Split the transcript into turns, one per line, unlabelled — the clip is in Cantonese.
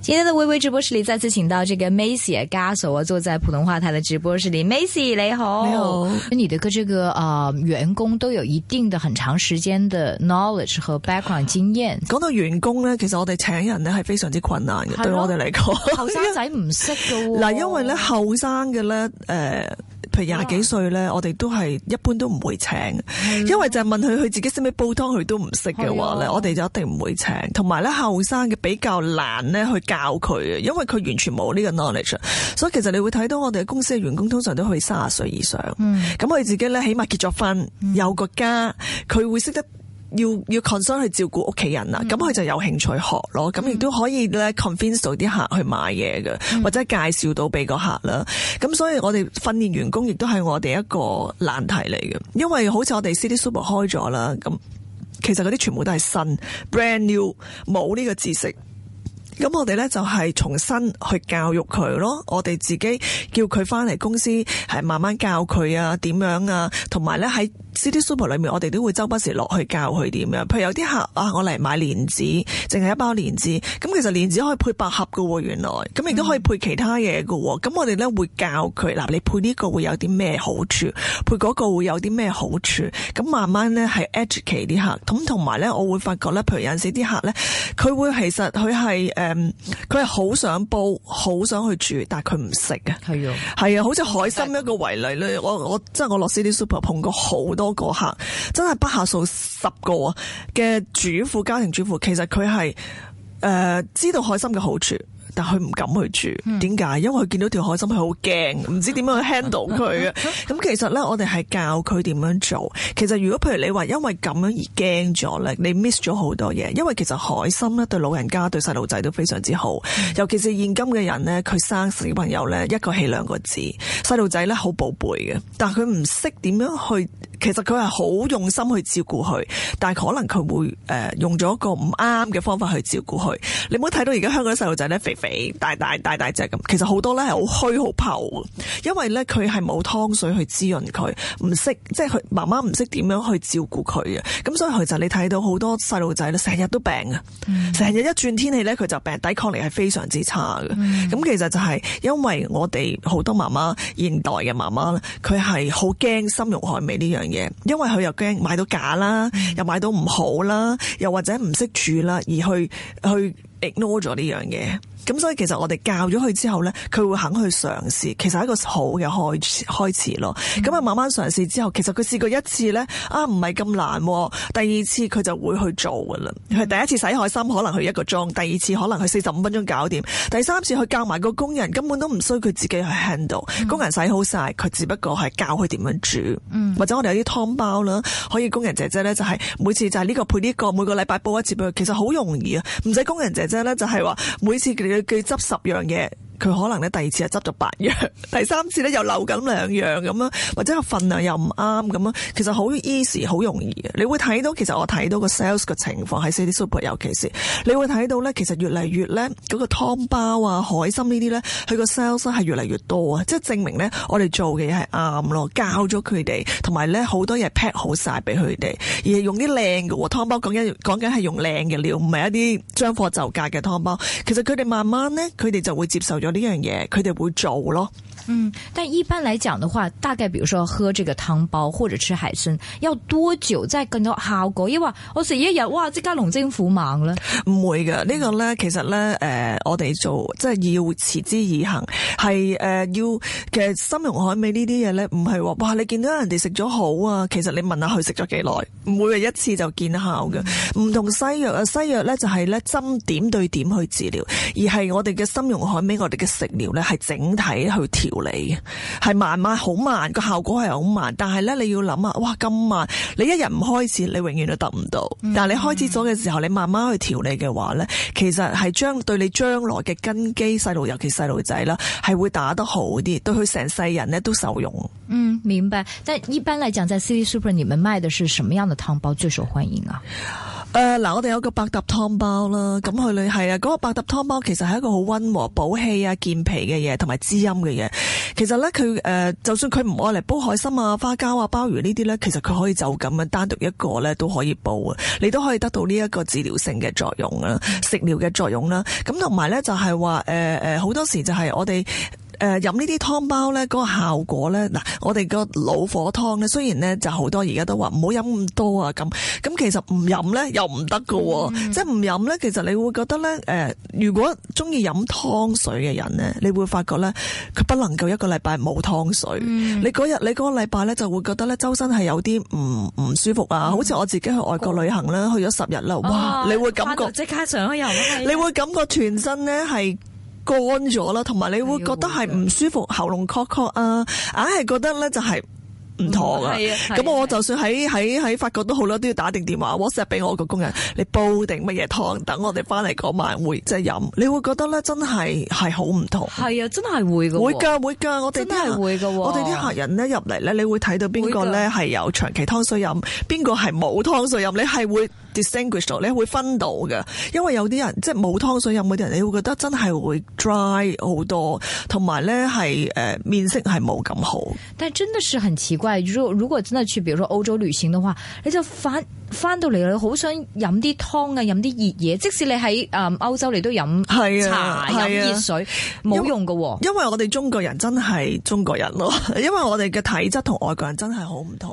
今天的微微直播室裏，再次請到這個 Macy 家嫂，、啊、坐在普通話台的直播室裏。Macy，你好。你好，你的這個啊、呃、員工都有一定的很長時間的 knowledge 和 background 經驗。講到員工呢，其實我哋請人呢係非常之困難嘅，對，咯對我哋嚟講。後生仔唔識㗎。嗱，因
為咧後生嘅咧，誒。呃佢廿幾歲咧，啊、我哋都係一般都唔會請，的因為就係問佢，佢自己識唔識煲湯，佢都唔識嘅話咧，的我哋就一定唔會請。同埋咧後生嘅比較難咧去教佢，因為佢完全冇呢個 knowledge。所以其實你會睇到我哋公司嘅員工通常都去三十歲以上，咁佢、嗯、自己咧起碼結咗婚，有個家，佢會識得。要要 concern 去照顧屋企人啊，咁佢、嗯、就有興趣學咯，咁亦都可以咧 convince 到啲客去買嘢嘅，嗯、或者介紹到俾個客啦。咁所以我哋訓練員工亦都係我哋一個難題嚟嘅，因為好似我哋 City Super 開咗啦，咁其實嗰啲全部都係新 brand new，冇呢個知識，咁我哋咧就係、是、重新去教育佢咯。我哋自己叫佢翻嚟公司，係慢慢教佢啊，點樣啊，同埋咧喺。City Super 裏面，我哋都會周不時落去教佢點樣。譬如有啲客啊，我嚟買蓮子，淨係一包蓮子。咁其實蓮子可以配百合嘅喎，原來。咁亦都可以配其他嘢嘅喎。咁我哋咧會教佢嗱，你配呢個會有啲咩好處，配嗰個會有啲咩好處。咁慢慢咧係 educate 啲客。咁同埋咧，我會發覺咧，譬如有陣時啲客咧，佢會其實佢係誒，佢係好想煲，好想去煮，但係佢唔食嘅。係啊，係啊，好似海蔘一個為例咧，我我真係我落 City Super 碰過好多。嗰個客真係不下數十個啊嘅主婦、家庭主婦，其實佢係誒知道開心嘅好處。但佢唔敢去住，點解、嗯？因為佢見到條海參，佢好驚，唔知點樣去 handle 佢嘅。咁、嗯、其實咧，我哋係教佢點樣做。其實如果譬如你話，因為咁樣而驚咗咧，你 miss 咗好多嘢。因為其實海參咧對老人家、對細路仔都非常之好。尤其是現今嘅人咧，佢生小朋友咧一個起兩個字，細路仔咧好寶貝嘅。但係佢唔識點樣去，其實佢係好用心去照顧佢，但係可能佢會誒、呃、用咗一個唔啱嘅方法去照顧佢。你冇睇到而家香港啲細路仔咧肥肥～大大大大隻咁，其實好多咧係好虛好泡，因為咧佢係冇湯水去滋潤佢，唔識即係佢媽媽唔識點樣去照顧佢嘅，咁所以其實你睇到好多細路仔咧，成日都病嘅。啊，成日、嗯、一轉天氣咧佢就病，抵抗力係非常之差嘅。咁、嗯、其實就係因為我哋好多媽媽，現代嘅媽媽咧，佢係好驚參茸海味呢樣嘢，因為佢又驚買到假啦，又買到唔好啦，又或者唔識煮啦，而去去 ignore 咗呢樣嘢。咁所以其實我哋教咗佢之後呢，佢會肯去嘗試，其實係一個好嘅開始開始咯。咁啊、嗯，慢慢嘗試之後，其實佢試過一次呢，啊唔係咁難，哦。第二次佢就會去做噶啦。佢、嗯、第一次洗海參可能去一個鐘，第二次可能去四十五分鐘搞掂，第三次佢教埋個工人，根本都唔需佢自己去 handle。嗯、工人洗好晒，佢只不過係教佢點樣煮，嗯、或者我哋有啲湯包啦，可以工人姐姐呢就係每次就係呢個配呢、呢個，每個禮拜煲一次畀佢，其實好容易啊，唔使工人姐姐呢就係話每次，每次佢佢執十樣嘢。佢可能咧第二次係執咗八樣，第三次咧又漏緊兩樣咁啊，或者個份量又唔啱咁啊。其實好 easy，好容易嘅。你會睇到其實我睇到個 sales 嘅情況喺 City Super，尤其是你會睇到咧，其實越嚟越咧嗰個湯包啊、海參呢啲咧，佢個 sales 係越嚟越多啊，即係證明咧我哋做嘅嘢係啱咯，教咗佢哋，同埋咧好多嘢 pack 好晒俾佢哋，而係用啲靚嘅湯包，講緊講緊係用靚嘅料，唔係一啲將貨就價嘅湯包。其實佢哋慢慢咧，佢哋就會接受咗。呢樣嘢佢哋會做咯，
嗯，但一般嚟講嘅話，大概，比如說喝這個湯包或者吃海參，要多久即係更多效果？因為我食一日，哇，即刻龍精虎猛啦，唔會
嘅。這個，呢個咧，其實咧，誒、呃，我哋做即係要持之以恆，係誒、呃、要嘅。其實參茸海味呢啲嘢咧，唔係話哇，你見到人哋食咗好啊，其實你問下佢食咗幾耐，每日一次就見效嘅。唔同西藥啊，西藥咧就係咧針點對點去治療，而係我哋嘅參茸海味，我哋。嘅食療咧係整體去調理，係慢慢好慢，個效果係好慢。但係咧你要諗下，哇咁慢，你一日唔開始，你永遠都得唔到。嗯，但係你開始咗嘅時候，你慢慢去調理嘅話咧，其實係將對你將來嘅根基細路，尤其細路仔啦，係會打得好啲，對佢成世人咧都受用。嗯，
明白。但一般嚟講，在 City Super，你們賣的是什麼樣的湯包最受歡迎啊？誒，嗱、呃，我哋有個百搭湯包啦，
咁佢咧係啊，嗰、那個百搭湯包其實係一個好溫和、補氣啊、健脾嘅嘢，同埋滋陰嘅嘢。其實咧，佢、呃、誒，就算佢唔愛嚟煲海參啊、花膠啊、鮑魚呢啲咧，其實佢可以就咁樣單獨一個咧都可以煲啊，你都可以得到呢一個治療性嘅作，、嗯、作用啦，食療嘅作用啦。咁同埋咧就係、係、話，誒、呃、誒，好多時就係我哋。誒，飲、呃、呢啲湯包咧，嗰、嗰個效果咧，嗱，我哋個老火湯咧，雖然咧就好多而家都話唔好飲咁多啊，咁咁其實唔飲咧又唔得噶，嗯、即係唔飲咧，其實你會覺得咧，誒、呃，如果中意飲湯水嘅人咧，你會發覺咧，佢不能夠一個禮拜冇湯水，嗯、你嗰日你嗰個禮拜咧就會覺得咧，周身係有啲唔唔舒服啊，嗯、好似我自己去外國旅行咧，過去咗十日啦，哇，哦、你會感覺即刻上咗油，啊、 你會感覺全身咧係。乾咗啦，同埋你會覺得係唔舒服，的喉嚨咳咳啊，硬係覺得咧就係唔妥噶。咁我就算喺喺喺法國都好啦，都要打定電話，WhatsApp 俾我個工人，的你煲定乜嘢湯，的等我哋翻嚟嗰晚會即係飲。你會覺得咧真係係好唔妥，係啊，真係會噶，會噶，會噶，我哋都係會噶，我哋啲客人咧入嚟咧，你會睇到邊個咧係有長期湯水飲，邊個係冇湯水飲，你係會。Distinguished 咧會分到㗎，因為有啲人即係冇湯水飲嘅啲人，你會覺得真係會 dry 好多，同埋咧係誒面色係冇咁好。
但係真的是很奇怪，如果如果真係去，譬如說歐洲旅行的話，你就返返到嚟，你好想飲啲湯啊，飲啲熱嘢，即使你喺誒歐洲你都飲茶，係啊，飲、啊、熱水冇用㗎喎、啊，因為我哋中國人
真係中國人咯，因為我哋嘅體質同外國人真係好唔同。